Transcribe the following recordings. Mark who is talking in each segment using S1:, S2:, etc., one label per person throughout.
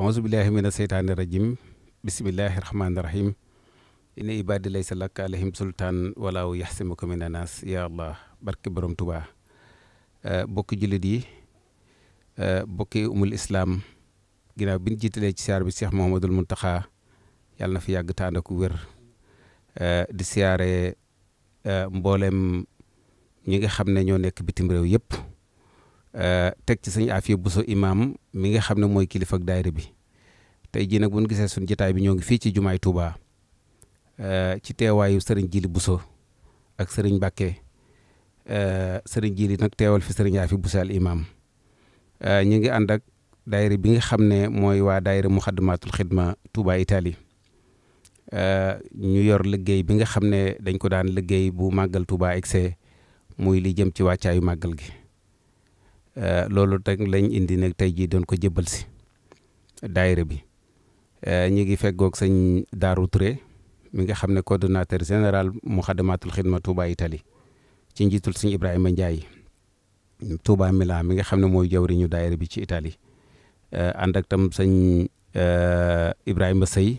S1: aousubillahi min aseytaani rajim bisimillahi rahmaani rahim ina ibaadi laysa laka alayhim sultaan walaaw yaxsimuka min anaas ya allah barke borom tubaa eh, bokki jullit yi eh, bokki umul islaam ginnaaw bi ñu jiitalee ci siyaar bi Cheikh Mouhamadul Muntaxa yàlla na fi yàgg tànd ak wér eh, di siyaare mboolem ñi nga xam ne ñoo nekk bitim réew yëpp Euh, teg ci sëñ Afia Bousso imaam mi nga xam ne mooy kilifa ak daayira bi tey jii nag bu gisee suñu jotaay bi ñoo ngi fii ci jumaay Touba euh, ci teewaayu sëriñ Jili Bousso ak sëriñ Mbacke euh, sëriñ Jili nag teewal fi sëriñ Afia Bousso al imaam ñu ngi ànd ak daayira bi nga xam ne mooy waa daayira Muxaddamatul Xidma Touba Italie ñu yor liggéey bi nga xam ne dañ ko daan liggéey bu màggal Touba excès muy li jëm ci wàccaayu màggal gi. Eh, loolu teg lañ indi nag tey jii doon ko jëbbal si daayira bi eh, ñu ngi feggoog sëñ Daaru Touré mi nga xam ne coordonnateur général Muxaddamatul Xidma Touba Italie ci njiitul sëñ Ibrahima Ndiaye Touba Milan mi nga xam ne mooy jawriñu daayira bi ci itali eh, ànd ak tam sëñ Ibrahima Sey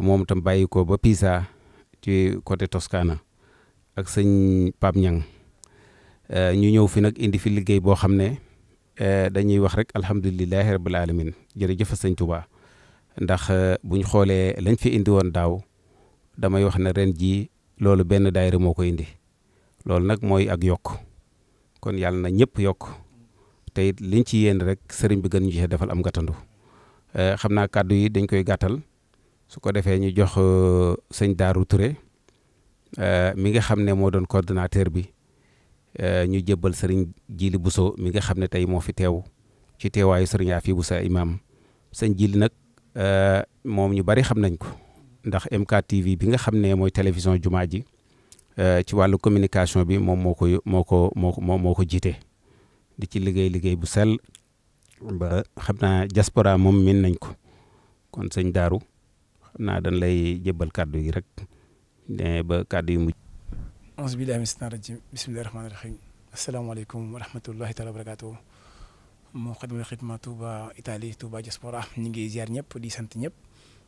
S1: moom tam bàyyi ko ba Pisa ci côté Toscana ak sëñ Pape Niang Euh, ñu ñëw fi nag indi fi liggéey boo xam ne euh, dañuy wax rek alhamdulilahi rabil alamin jërëjëf sëñ Tuubaa ndax euh, buñ xoolee lañ fi indi woon daaw damay wax ne ren ji loolu benn daayira moo ko indi loolu nag mooy ak yokk kon yàlla na ñëpp yokk te it liñ ci yéen rek sëriñ bi gën ñu ci defal am gàttandu xam naa kàddu yi dañ koy gàttal su ko defee ñu jox sëñ Daaru Touré mi nga xam ne moo doon coordonnateur bi Euh, ñu jébbal sëriñ Jili Buso mi nga xam ne tey moo fi teew ci teewaayu sëriñ Afi Buso imaam sëñ jiili nag euh, moom ñu bari xam nañ ko ndax MKTV bi nga xam ne mooy télévision jumaa ji euh, ci wàllu communication bi moom moo ko moo ko moo moo ko jiite di ci liggéey liggéey bu sel ba xam naa diaspora moom min nañ ko kon sëñ Daaru xam naa dañ lay jébbal kàddu yi rek ne ba kàddu yi mujj
S2: auzu billaahi mina shaytaani rajiim bismillaahi rahmaani rahiim asalaamaaleykum wa rahmatullaahi taala wa barakaatu moo xadimul xidma Touba Italie Touba diaspora ñu ngi ziar ñëpp di sant ñëpp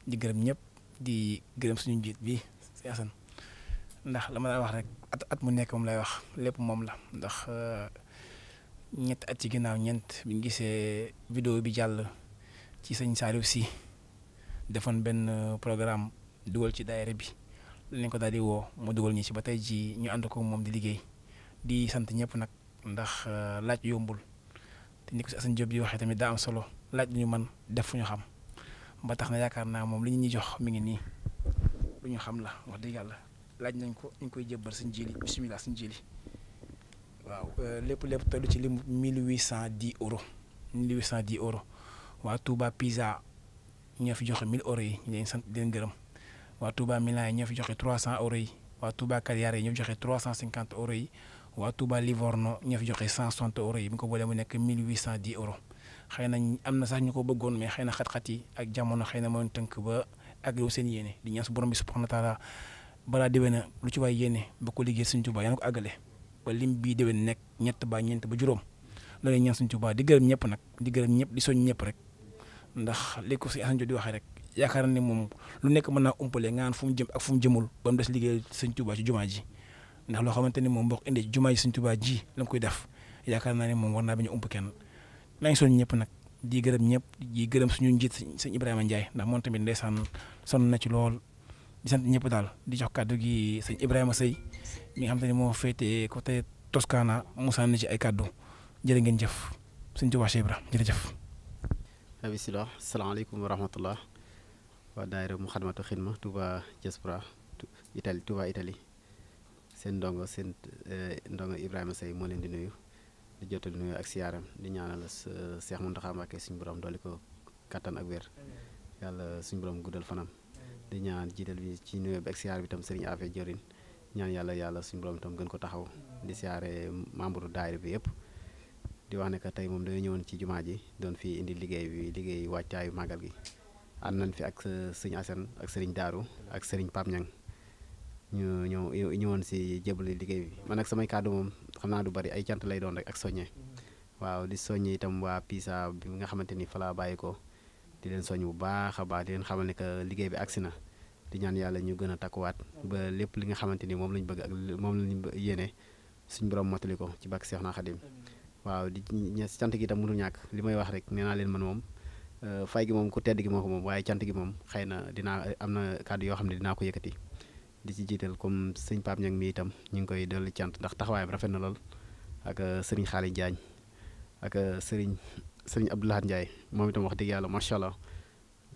S2: di gërëm ñëpp di gërëm suñu njiit bi si Assane ndax la ma daan wax rek at mu nekk moom lay wax lépp moom la ndax euh, ñett at ci ginnaaw ñeent bi ñu gisee vidéo bi jàll ci sëñ Saliou si defoon benn programme dugal ci daayira bi. lañ ko daal di woo mu dugal ñu si ba tey jii ñu ànd ko moom di liggéey di sant ñëpp nag ndax euh, laaj yombul te ni ko si Assane Diop di waxee tamit daa am solo laaj lu ñu mën def fu ñu xam ba tax na yaakaar naa moom li ñu ñuy jox mi ngi nii lu ñu xam la wax dëgg yàlla laaj nañ ko ñu koy jébbal suñ jëli bisimilah suñ jëli waaw euh, lépp lépp tollu ci lim mille huit cent dix euros mille huit cent di euros waa Touba Pizza ñoo fi joxe mille euros yi ñu leen sant di gërëm. waa Touba Milan yi ñoo fi joxe 300 euros yi waa Touba Cagliari yi ñoo fi joxe 350 euros yi waa Touba Livorno ñoo fi joxe 160 euros yi bu ñu ko boolee mu nekk di euros xëy na am na sax ñu ko bëggoon mais xëy na xat-xat yi ak jamono xëy na mooy tënk ba ak yow seen yéene di ñaan su borom bi subhanahu wa taala balaa déwén na lu ci waay yéene ba ko liggéey Sëñ Touba yéen ko àggale ba lim bii déwén nekk ñett ba ñeent ba juróom loolu ñaan Sëñ Touba di gërëm ñëpp nag di gërëm ñëpp di soñ ñëpp rek ndax li ko si Assane di waxee rek yaakaar na ni moom lu nekk mën naa umpale ngaan fu mu jëm ak fu mu jëmul ba mu des liggéey sëñ Tuubaa ci jumaa ji ndax loo xamante ni moom mbokk indi ci jumaa ji sëñ Tuubaa ji la koy def yaakaar naa ne moom war naa bañ ñu ump kenn maa ngi soñ ñëpp nag di gërëm ñëpp di gërëm suñu njiit sëñ Ibrahima Ndiaye ndax moom tamit ndeysaan sonn na ci lool di sant ñëpp daal di jox kàddu gi sëñ Ibrahima Sëy mi nga xam te ne moo féetee côté Toscana Moussa na ci ay kàddu jërë ngeen jëf sëñ Tuubaa Cheikh Ibrahima jërëjëf.
S3: bisimilah salaamaaleykum wa rahmatullah waa daayira mu xadmatu xidma Touba diaspora Italie Touba Italie seen ndongo seen eh, ndongo Ibrahima Seye moo leen di nuyu di jottali nuyu ak siyaaram di ñaanal Seex eh, Muntaxa Mbàkke suñu borom doole ko kattan ak wér yàlla suñu borom guddal fanam di ñaan jiital bi ci nuyu bi bi tam Serigne Afe Jorin ñaan yàlla yàlla suñu borom itam gën ko taxaw di siyaare membre daayira bi yëpp di wax ne que tey moom dañoo ñëwoon ci jumaa ji doon fii indi liggéey bi liggéey wàccaayu màggal gi ànd na fi ak sëñ Assane ak sëriñ Daaru ak sëriñ Pape Niang ñu ñu ñëwoon si jébali liggéey bi man nag samay kàddu moom xam naa du bari ay cant lay doon rek ak soññe waaw di soññe itam waa PISA bi nga xamante ni fa laa bàyyi ko di leen soñ bu baax a baax di leen xamal ne liggéey bi agsi na di ñaan yàlla ñu gën a takkuwaat ba lépp li nga xamante ni moom lañ bëgg ak moom lañ yéene suñu borom mottali ko ci bàkk Seexna Xadim waaw di sant gi itam mënul li may wax Euh, fay gi moom ku tedd gi moom waaye cant gi moom xëy na dinaa am na kàddu yoo xam ne dina ko yëkkati di ci jiital comme sëñ Pape Niang mi itam ñu ngi koy dolli cant ndax taxawaayam rafet na lool ak euh, sëriñ Xaali Diagne ak euh, sëriñ sëriñ Abdoulahat Ndiaye moom itam wax dëgg yàlla macha allah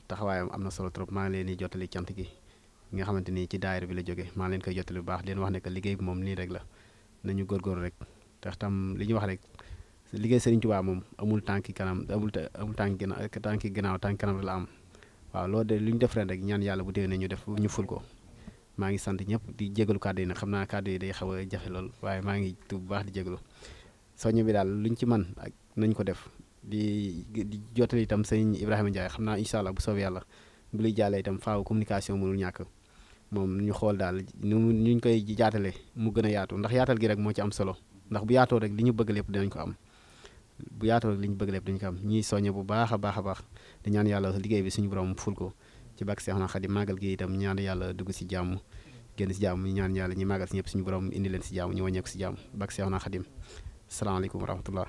S3: taxawaayam am na solo trop maa ngi leen di jottali cant gi nga xamante ni ci daayira bi la jóge maa ngi leen koy jottali bu baax leen wax ne que liggéey bi moom nii rek la nañu góorgóorlu rek tam li ñu wax rek. liggéey Serigne Touba moom amul tànki kanam amul amul tànki ginnaaw tànki ginnaaw tànki kanam la am waaw loo de lu ñu def ren rek ñaan yàlla bu déwénee ñu def ñu ful ko maa ngi sant ñëpp di jégalu kàddu yi nag xam naa kàddu yi day xaw a jafe lool waaye maa ngi tub bu baax di jégalu soññ bi daal luñ ci man ak nañ ko def di di jottali itam sëñ Ibrahima Ndiaye xam naa incha allah bu soobee yàlla bu luy jàllee itam faaw communication mënul ñàkk moom ñu xool daal nu ñu koy jaatale mu gën a yaatu ndax yaatal gi rek moo ci am solo ndax bu yaatoo rek li ñu bëgg lépp dinañ ko am bu yaatoo li ñu bëgg lépp duñ ko am ñuy soññe bu baax a baax a baax di ñaan yàlla liggéey bi suñu borom ful ko ci bàkk Seexna Xaadim màggal gi itam ñaan yàlla dugg si jàmm génn si jàmm ñu ñaan yàlla ñi màggal si ñëpp suñu borom indi leen si jàmm ñu wàññeeku si jàmm bàkk Seexna Xaadim salaamaaleykum wa rahmatullah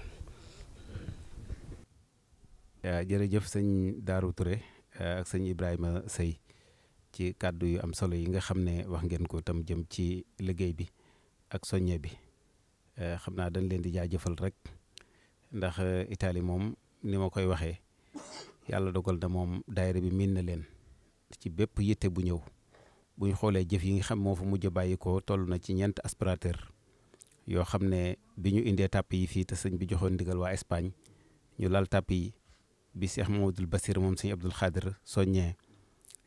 S3: eh,
S1: jërëjëf sëñ Darou Touré eh, ak sëñ Ibrahima Sey ci kàddu yu am solo yi nga xam ne wax ngeen ko tam jëm ci liggéey bi ak soññe bi eh, xam naa dañ leen di jëfal rek ndax euh, itali moom ni ma koy waxee yàlla dogal na moom daayira bi miin na leen ci bépp yitte bu ñëw bu ñu xoolee jëf yi nga xam moo fa mujj bàyyi ko toll na ci ñeent aspirateur yoo xam ne bi ñu indee tàpp yi fii te sëñ bi joxoon ndigal waa Espagne ñu laal tàpp yi bi Cheikh Mamadou Bassir moom sëñ Abdoul Khadir soññee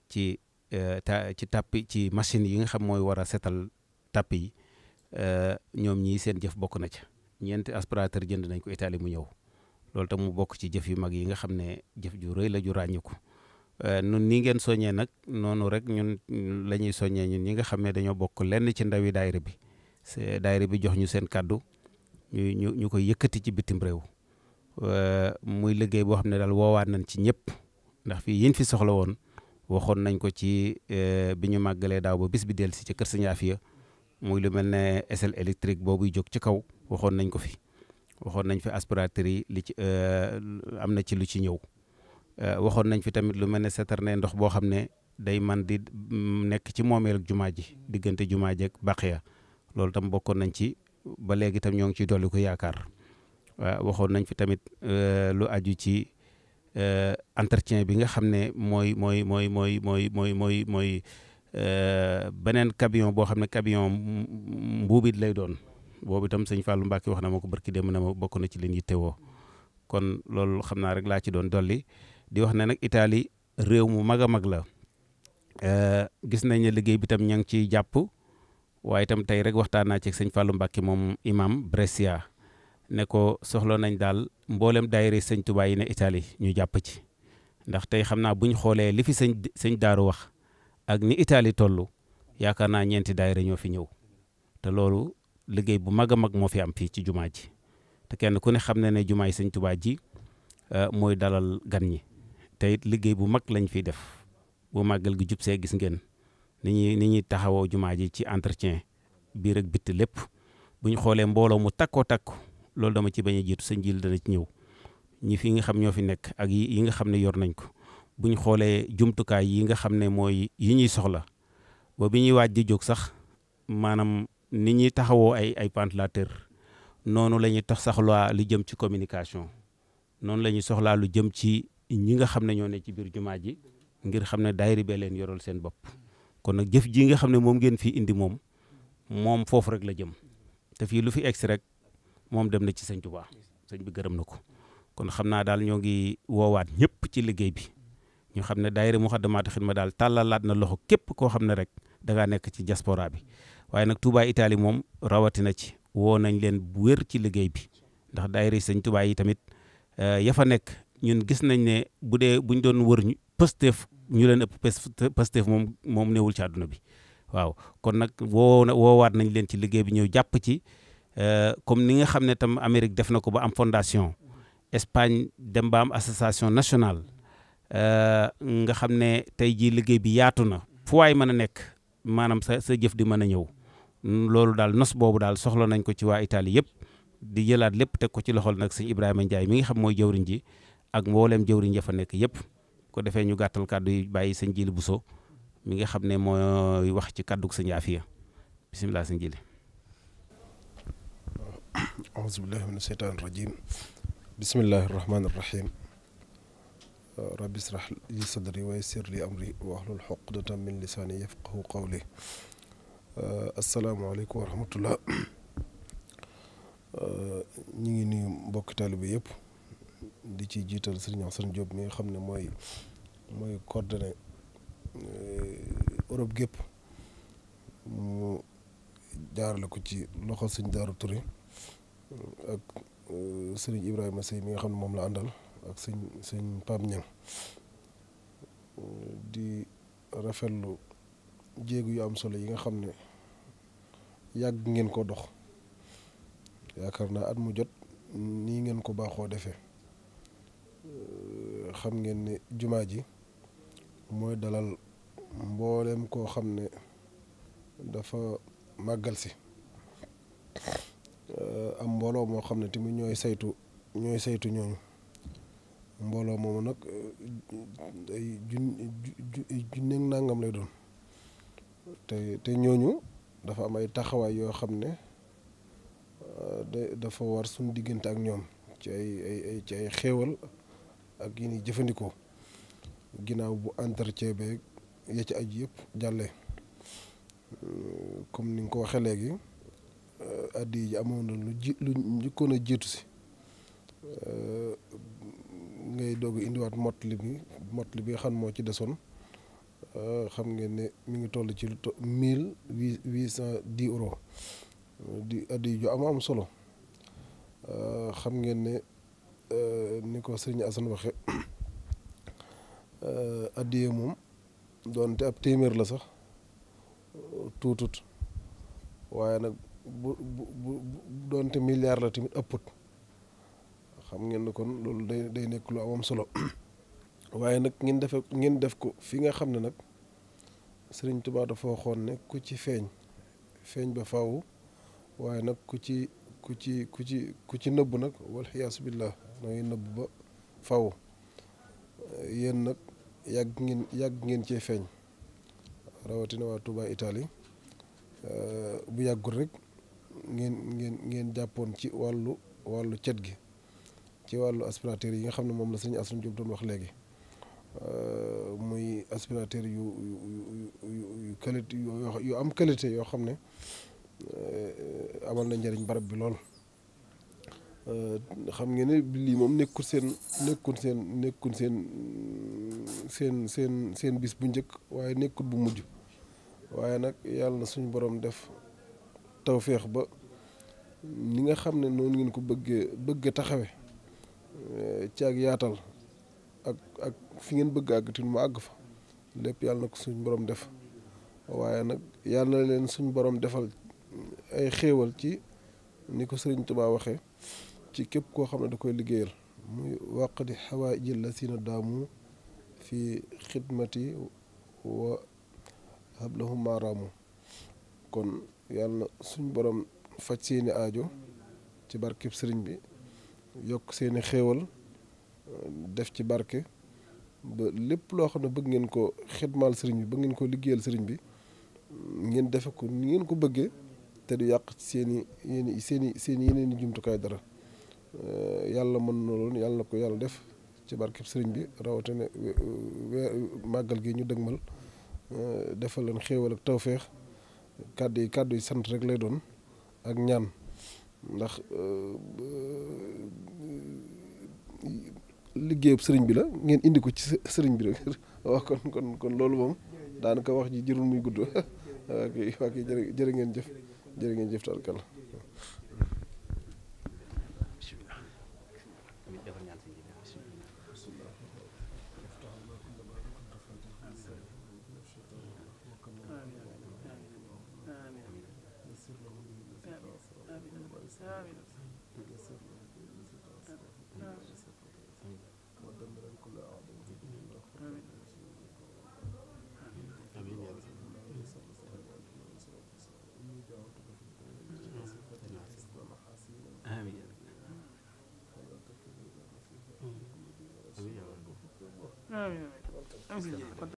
S1: ci euh, ta ci tàpp ci machine yi nga xam mooy war a setal tàpp yi euh, ñoom ñii seen jëf bokk na ca ñeenti aspirateur jënd nañ ko itali mu ñëw loolu tam mu bokk ci jëf yu mag yi nga xam ne jëf ju la ju ràññiku euh, nun nii ngeen soññee nag noonu rek ñun lañuy soññee ñun ñi nga xam ne dañoo bokk lenn ci ndawi daayira bi daayira bi jox ñu seen kàddu ñu ñu koy yëkkati ci bitim réew euh, muy liggéey boo xam ne daal woowaat nañ ci ñëpp ndax fii yiñ fi soxla woon waxoon nañ ko ci euh, bi ñu màggalee daaw ba bis bi dellu si ci kër Sëñ muy lu mel ne SL électrique boobuy jóg ci kaw waxoon nañ ko fi waxoon nañ fi aspirateur yi li ci euh, am na ci lu ci ñëw euh, waxoon nañ fi tamit lu mel ne citerne ndox boo xam ne day man di mm, nekk ci moomeel jumaa ji diggante jumaa ji ak loolu tam bokkoon nañ ci ba léegi tam ñoo ngi ciy dolli ko yaakaar waxoon nañ fi tamit euh, lu aju ci entretien bi nga xam ne mooy mooy mooy mooy mooy mooy mooy mooy beneen camion boo xam ne camion mbuubit lay doon boobu itam sëñ Fallou Mbacke wax na ma ko barki démb na ma bokk na ci leen woo kon loolu xam na rek laa ci doon dolli di wax ne nag Italie réew mu mag a mag la eh, gis nañ ne liggéey bi tam ña ngi ciy jàpp waaye itam tey rek waxtaan naa ci sëñ Fallou Mbacke moom imam Brescia ne ko soxla nañ daal mboolem daayira sëñ Tuubaa yi ne Italie ñu jàpp ci ndax tey xam naa bu ñu xoolee li fi sëñ sëñ Daaru wax ak ni itali toll yaakaar naa ñeenti daayira ñoo fi ñëw te loolu liggéey bu mag a mag moo fi am fii ci jumaa ji te kenn ku ne xam na ne jumaa yi sëñ Tuubaa ji euh, mooy dalal gan ñi te it liggéey bu mag lañ fi def bu màggal gi jub see gis ngeen ni ñuy ni ñuy taxawoo jumaa ji ci entretien biir ak bitti lépp bu ñu xoolee mbooloo mu takkoo takku loolu dama ci bañ a jiitu sëñ jil dana ci ñëw ñi fi nga xam ñoo fi nekk ak yi nga xam ne yor nañ ko bu ñu xoolee jumtukaay yi nga xam ne mooy yi ñuy soxla ba bi waaj di jóg sax maanaam ni ñuy taxawoo ay ay ventilateur noonu la ñuy tax saxlaa lu jëm ci communication noonu la ñuy soxlaa lu jëm ci ñi nga xam ne ñoo ne ci biir jumaa ji ngir xam ne daayira bee leen yoral seen bopp kon nag jëf ji nga xam ne moom ngeen fi indi moom moom foofu rek la jëm te fii lu fi egsi rek moom dem na ci sëñ Tuubaa sëñ bi gërëm na ko kon xam naa daal ñoo ngi woowaat ñëpp ci liggéey bi ñu xam ne daayira Muxaddamaatul Xidma daal tàllalaat na loxo képp koo xam ne rek dangaa nekk ci bi waaye nag Touba Italie moom rawatina ci woo nañ leen bu wér ci liggéey bi ndax daayira sëñ Touba yi tamit eh, ya fa nekk ñun gis nañ ne bu dee buñ doon wër Pastef ñu leen ëpp Pastef moom moom néewul ci àdduna bi waaw kon nag woo woowaat nañ leen ci liggéey bi ñëw jàpp ci eh, comme ni nga xam ne tam Amérique def na ko ba am fondation Espagne dem ba am association nationale eh, nga xam ne tey jii liggéey bi yaatu na fu waay mën a nekk maanaam sa sa jëf di mën a ñëw Mm, loolu daal nos boobu daal soxla nañ ko ci waa Italie yëpp di jëlaat lépp teg ko ci loxol nag sëñ Ibrahima Ndiaye mi ngi xam mooy jëwriñ ji ak mbooleem jëwriñ ya fa nekk yépp ko defee ñu gàttal kàddu yi bàyyi sëñ Jili Buso mi nga xam ne mooy wax ci kàddug sëñ Afiya bisimilah sëñ Jili
S4: auzu billahi min asheytaan irajim bismillahi irrahmani irrahim rabbi israh li sadri wa yassir li amri wahlul uqdatan min lisaani yafqahu qawli Euh, asalaamaaleykum wa rahmatullah euh, ñu ngi ni mbokki taalibe yëpp di ci jiital sëriñ Assane Diop mi nga xam ne mooy mooy coordonné euh, Europe gépp mu jaarale ko ci loxo sëñ Daaru Touré ak sëriñ Ibrahima Sey mi nga xam ne moom la àndal ak sëñ sëñ Pape Niang di rafetlu. jéegu yu am solo yi nga xam ne yàgg ngeen ko dox yaakaar naa at mu jot nii ngeen ko baaxoo defee euh, xam ngeen ne jumaa ji mooy dalal mbooleem koo xam ne dafa màggal si euh, am mbooloo moo xam ne tamit ñooy saytu ñooy saytu ñooñu mbooloo moomu nag euh, ay jun junneeg nangam lay doon te te ñooñu dafa am ay taxawaay yoo xam ne euh, dafa war suñu diggante ak ñoom ci ay ay ci ay xéewal ak yi ni jëfandikoo ginnaaw bu entretien beeg ya ci aju yëpp jàllee comme ni nga ko waxee léegi euh, addi yi amoon na lu njëkkoon a jiitu si euh, ngay doog indiwaat mott li bi mott li bi nga xam moo ci desoon Euh, xam ngeen ne mi ngi toll ci lu to mille huit huit cent di euros euh, di addi ju am am solo euh, xam ngeen ne ni ko sëriñ Assane waxe addiye moom doonte ab téeméer la sax tuutut waaye nag bu bu doonte milliard la tamit ëpput xam ngeen ne kon loolu day day nekk lu am am solo waaye nag ngeen defe ngeen def ko fi nga xam ne nag sëriñ Tuubaa dafa waxoon ne ku ci feeñ feeñ ba faw waaye nag ku ci ku ci ku ci ku ci nëbb nag wal xiyaas billah dangay nëbb ba faw yéen nag yàgg ngeen yàgg ngeen cee feeñ rawatina waa Touba Italie bu yàggul rek ngeen ngeen ngeen jàppoon ci wàllu wàllu cet gi ci wàllu aspirateur yi nga xam ne moom la sëriñ Assane Diop doon wax léegi Euh, muy aspirateur yu yu yu yu qualité yu am qualité yoo xam ne euh, amal na njëriñ barab bi lool euh, xam ngeen ne lii moom nekkul seen nekkul seen nekkul seen seen seen seen bis bu njëkk waaye nekkut bu mujj waaye nag yàlla na suñu borom def tawféex ba ni nga xam ne noonu ngeen ko bëggee bëgg taxawe ci ak yaatal ak ak fi ngeen bëgg àgg mu àgg fa lépp yàlla na ko suñ boroom def waaye nag yàlla na leen suñ boroom defal ay xéewal ci ni ko sëriñ Tuubaa waxee ci képp koo xam ne da koy liggéeyal muy wàqdi xawaaji lasina daamu fi xidmati wa hablahum maaraamu kon yàlla suñ boroom faj seeni aajo ci barkeb sëriñ bi yokk seeni xewal def ci barke ba lépp loo xam ne bëgg ngeen ko xidmaal sëriñ bi bëgg ngeen ko liggéeyal sëriñ bi ngeen defe ko ni ngeen ko bëggee te du yàq ci seeni seeni yéen i yeneen i jumtukaay dara euh, yàlla mën na loolu yàlla ko yàlla def ci barke sëriñ bi rawatina weer màggal gi ñu dëgmal euh, defal leen xéewal ak tawféex kàddu yi sant rek lay doon ak ñaan ndax euh, liggéeyub sëriñ bi la ngeen indi ko ci sëriñ bi rek wax kon kon kon loolu moom daanaka wax ji jërul muy gudd waa kay waa kay ngeen jëf jërë ngeen jëf la amiin
S1: amiin